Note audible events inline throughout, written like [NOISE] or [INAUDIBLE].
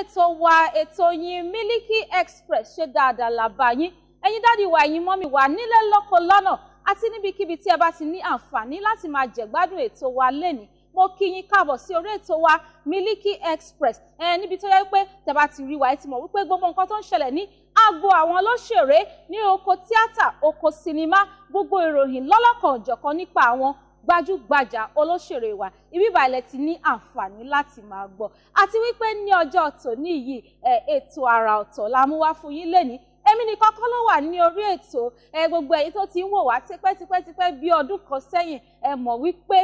ètò wa ètò yín Miliki Express ṣe dáadáa làbá yín ẹ̀yin dáàdi wa ẹ̀yin mọ́mì wa nílé lóko lọ́nà àti níbikíbi tí ẹ bá ti ní àǹfààní láti máa jẹ̀gbádùn ètò wa lénìí mo kí yín káàbọ̀ sí orí ètò wa Miliki Express ẹ níbi tó yẹ pé tẹ́ bá ti rí wa ẹ ti mọ̀ wípé gbogbo nǹkan tó ń ṣẹlẹ̀ ní agbo àwọn olóṣèré ní oko tíátà oko sinimá gbogbo ìròyìn lọ́lọ́kan nípa àwọn gbajúgbajà olóṣèré wa ibi ìbàlẹ̀ ti ní àǹfààní láti máa gbọ́ àti wípé ní ọjọ́ tòní yìí ètò àrà ọ̀tọ̀ la mú wá fún yín lénìí èmi nìkan kọ́ ló wà ní orí ètò gbogbo èyí tó ti ń wò wá tipẹ́tipẹ́tipẹ́ bí ọdún kan sẹ́yìn mọ̀ wípé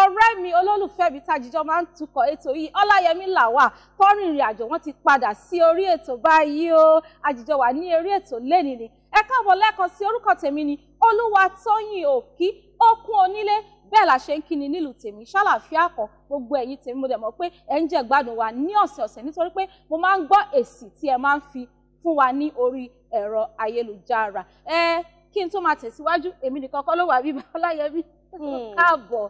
ọ̀rẹ́ mi olólùfẹ́ mi tajijọ́ máa ń tukọ̀ ètò yìí ọláyẹmí làwà kọ́rin ìrìn àjò wọn ti padà sí orí ètò báyìí o àjìjọ wà ní orí ètò lénìí ni ẹ káàbọ̀ lẹ́ẹ̀kan sí orúkọ tèmi ni olúwa tóyìn òkí okun onílé bẹ́ẹ̀ la ṣe ń kíni nílùú tèmi ṣàlàfíà kan gbogbo ẹ̀yin tèmi mo dẹ̀ mọ̀ pé ẹ̀ ń jẹ́ gbádùn wa ní ọ̀sẹ̀ọ̀sẹ̀ nítorí pé mo máa ń gbọ́ èsì tí ẹ máa ń fi fún wa ní orí ẹ̀rọ ayélujára ẹ kí n tó máa tẹ̀síwájú èmi nìkan kọ́ ló wà bíbá ọláyẹmí hmm. káàbọ̀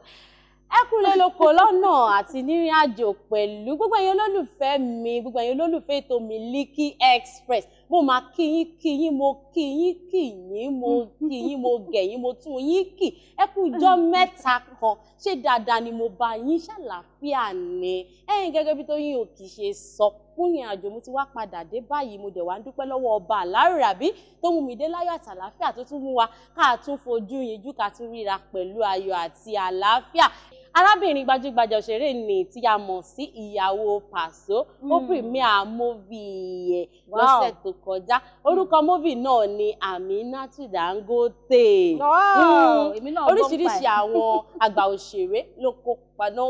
ẹ kúlẹ̀ lóko lọ́nà àti nírìn àjò pẹ̀lú gbogbo ẹ̀yin olólùfẹ́ mi gbogbo ẹ̀yin olólùfẹ́ ètò Miliki Express mo máa kí yín mo kí yín mo kí mo gẹ̀ mo tún yín kì ẹ kú ijọ́ mm. mẹ́ta kan ṣé dáadáa ni mo bá yín ṣàlàáfíà ni ẹ̀yin gẹ́gẹ́ bí Tóyìn Òkì ṣe sọ fún ìrìn àjò mo ti wá padà dé báyìí mo dẹ̀ wá ń dúpẹ́ lọ́wọ́ ọba àlárìràbí tó mú mi dé láyọ̀ àti àlàáfíà tó tún mú wa ká tún fojú yinjú ká tún ríra pẹ̀lú ayọ̀ àti àlàáfíà arábìnrin gbajúgbajà òṣèré ni tí a mọ̀ sí ìyàwó Paso ó pìrìmíà móvì ẹ̀ lọ́sẹ̀ tó kọjá orúkọ móvì hmm. náà ni Aminatu Dangote hmm. oríṣiríṣi àwọn [LAUGHS] àgbà òṣèré ló kópa náà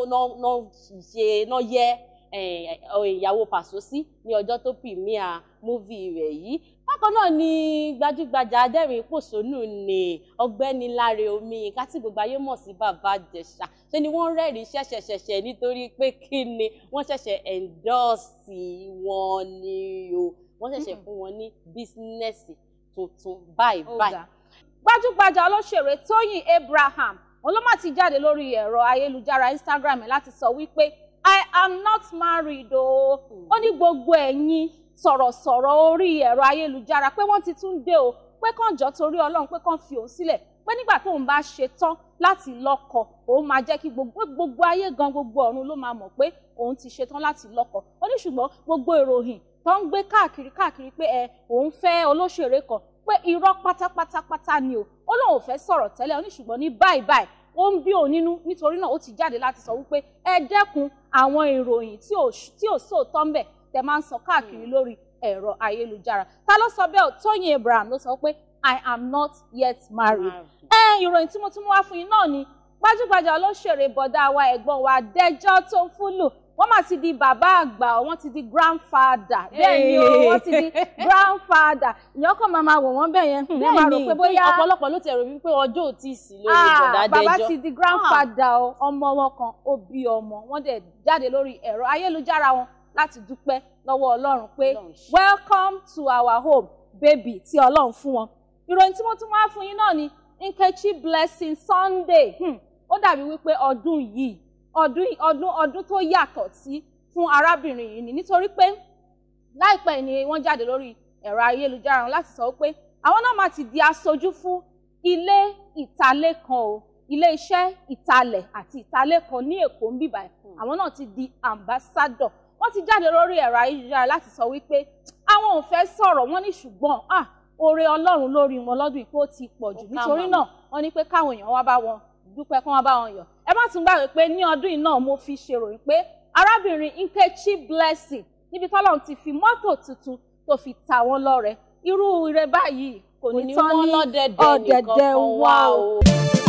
ṣe náà yẹ eh, ìyàwó Paso sí ní ọjọ́ tó pìrìmíà móvì rẹ̀ yìí bákan náà ni gbajúgbajà adẹ́rìn pòṣónù ni ọ̀gbẹ́ni Láre Omiyinka tí gbogbo ayé mọ̀ sí bàbá Ìjẹ̀ṣà ṣe ni wọ́n rẹ́rìí ṣẹ̀ṣẹ̀ṣẹ̀ṣẹ̀ nítorí pé kí ni wọ́n ṣẹ̀ṣẹ̀ ẹ̀ńdọ́ọ̀sì wọn ni o wọ́n ṣẹ̀ṣẹ̀ hmm. fún wọn ní bísínẹ́sì tuntun báyìí báyìí. gbajúgbajà olóṣèré Tóyìn Abraham òun ló má ti jáde lórí ẹ̀rọ ayélujára Instagram láti sọ wípé I am not married o hmm. ó ní gbogbo ẹ̀yin sọ̀rọ̀sọ̀rọ̀ orí ẹ̀rọ ayélujára pé wọ́n ti tún dé o pé kàn jọ torí ọlọ́run pé kàn fi òun sílẹ̀ pé nígbà tóun bá ṣe tán láti lọ́kọ òun máa jẹ́ kí gbogbo ayé gan gbogbo ọ̀run ló máa mọ̀ pé òun ti ṣe tán láti lọ́kọ ó ní ṣùgbọ́n gbogbo ìròyìn tó ń gbé káàkiri káàkiri pé ẹ òun fẹ́ olóṣèré kan pé irọ́ pátápátápátá ni o ó lóun ò fẹ́ sọ̀rọ̀ tẹ́lẹ̀ ó ní ṣùgbọ́n ní báyìí báyìí ó ń bí òun nínú nítorí náà ó ti jáde láti sọ wípé ẹ dẹ́kun àwọn ìròyìn tí ò sóòótọ́ ń bẹ̀ tẹ máa ń sọ káàkiri hmm. lórí ẹ̀rọ ayélujára ta ló sọ bẹ́ẹ̀ Tóyìn Abraham ló sọ pé I am not yet married ẹ ìròyìn tí mo tún wá fún yín náà ni gbajúgbajà olóṣèré bọ̀dá wa ẹ̀gbọ́n wa Dẹjọ́ Tófúlù wọ́n mà ti di bàbá àgbà wọ́n ti di grandfather bẹ́ẹ̀ ni o wọ́n ti di grandfather ìyẹn ọkọ̀ máa máa wò wọ́n bẹ́ẹ̀ yẹn bẹ́ẹ̀ máa rò pé bóyá ọ̀pọ̀lọpọ̀ ló ti rò wípé ọjọ́ ò tí ì sí lórí ah, bọ̀dá dẹjọ́ bàbá ti di ah. grandfather ọmọ wọn kan ó bí ọmọ wọ́n dẹ̀ jáde lórí ẹ̀rọ ayélujára wọn láti dúpẹ́ lọ́wọ́ ọlọ́run pé welcome to our home baby tí ọlọ́run fún wọn ìròyìn tí mo tún wá fún yín náà ni Nkechi Blessing Sunday hmm. ó dàbí wípé ọdún yìí ọdún ọdún ọdún tó yàtọ̀ sí fún arábìnrin yìí ni nítorí pé láìpẹ́ ni wọ́n jáde lórí ẹ̀rọ ayélujára wọn láti sọ pé àwọn náà máa ti di aṣojú fún ilé ìtalẹ̀ kan o ilé iṣẹ́ ìtalẹ̀ àti ìtalẹ̀ kan ní Èkó ń bíbáyìí hmm. àwọn náà ti di ambassador wọ́n ti jáde lórí ẹ̀rọ ayélujára láti sọ wípé àwọn ò fẹ́ sọ̀rọ̀ wọ́n ní ṣùgbọ́n oore ọlọ́run lórí wọn lọ́dún yìí ti pọ̀ jù nítorí náà wọ́n ní pé káwọn èèyàn wá bá wọn dúpẹ́ kán wá bá wọn yọ̀ ẹ má tún gbàgbé pé ní ọdún yìí náà mo fi ṣèròyìn pé arábìnrin Nkechi Blessing níbi tọ́lọ́run ti fi mọ́tò tuntun tó fi ta wọ́n lọ́rẹ irú ire báyìí kò ní tán ní ọ̀dẹ̀dẹ̀ wa o.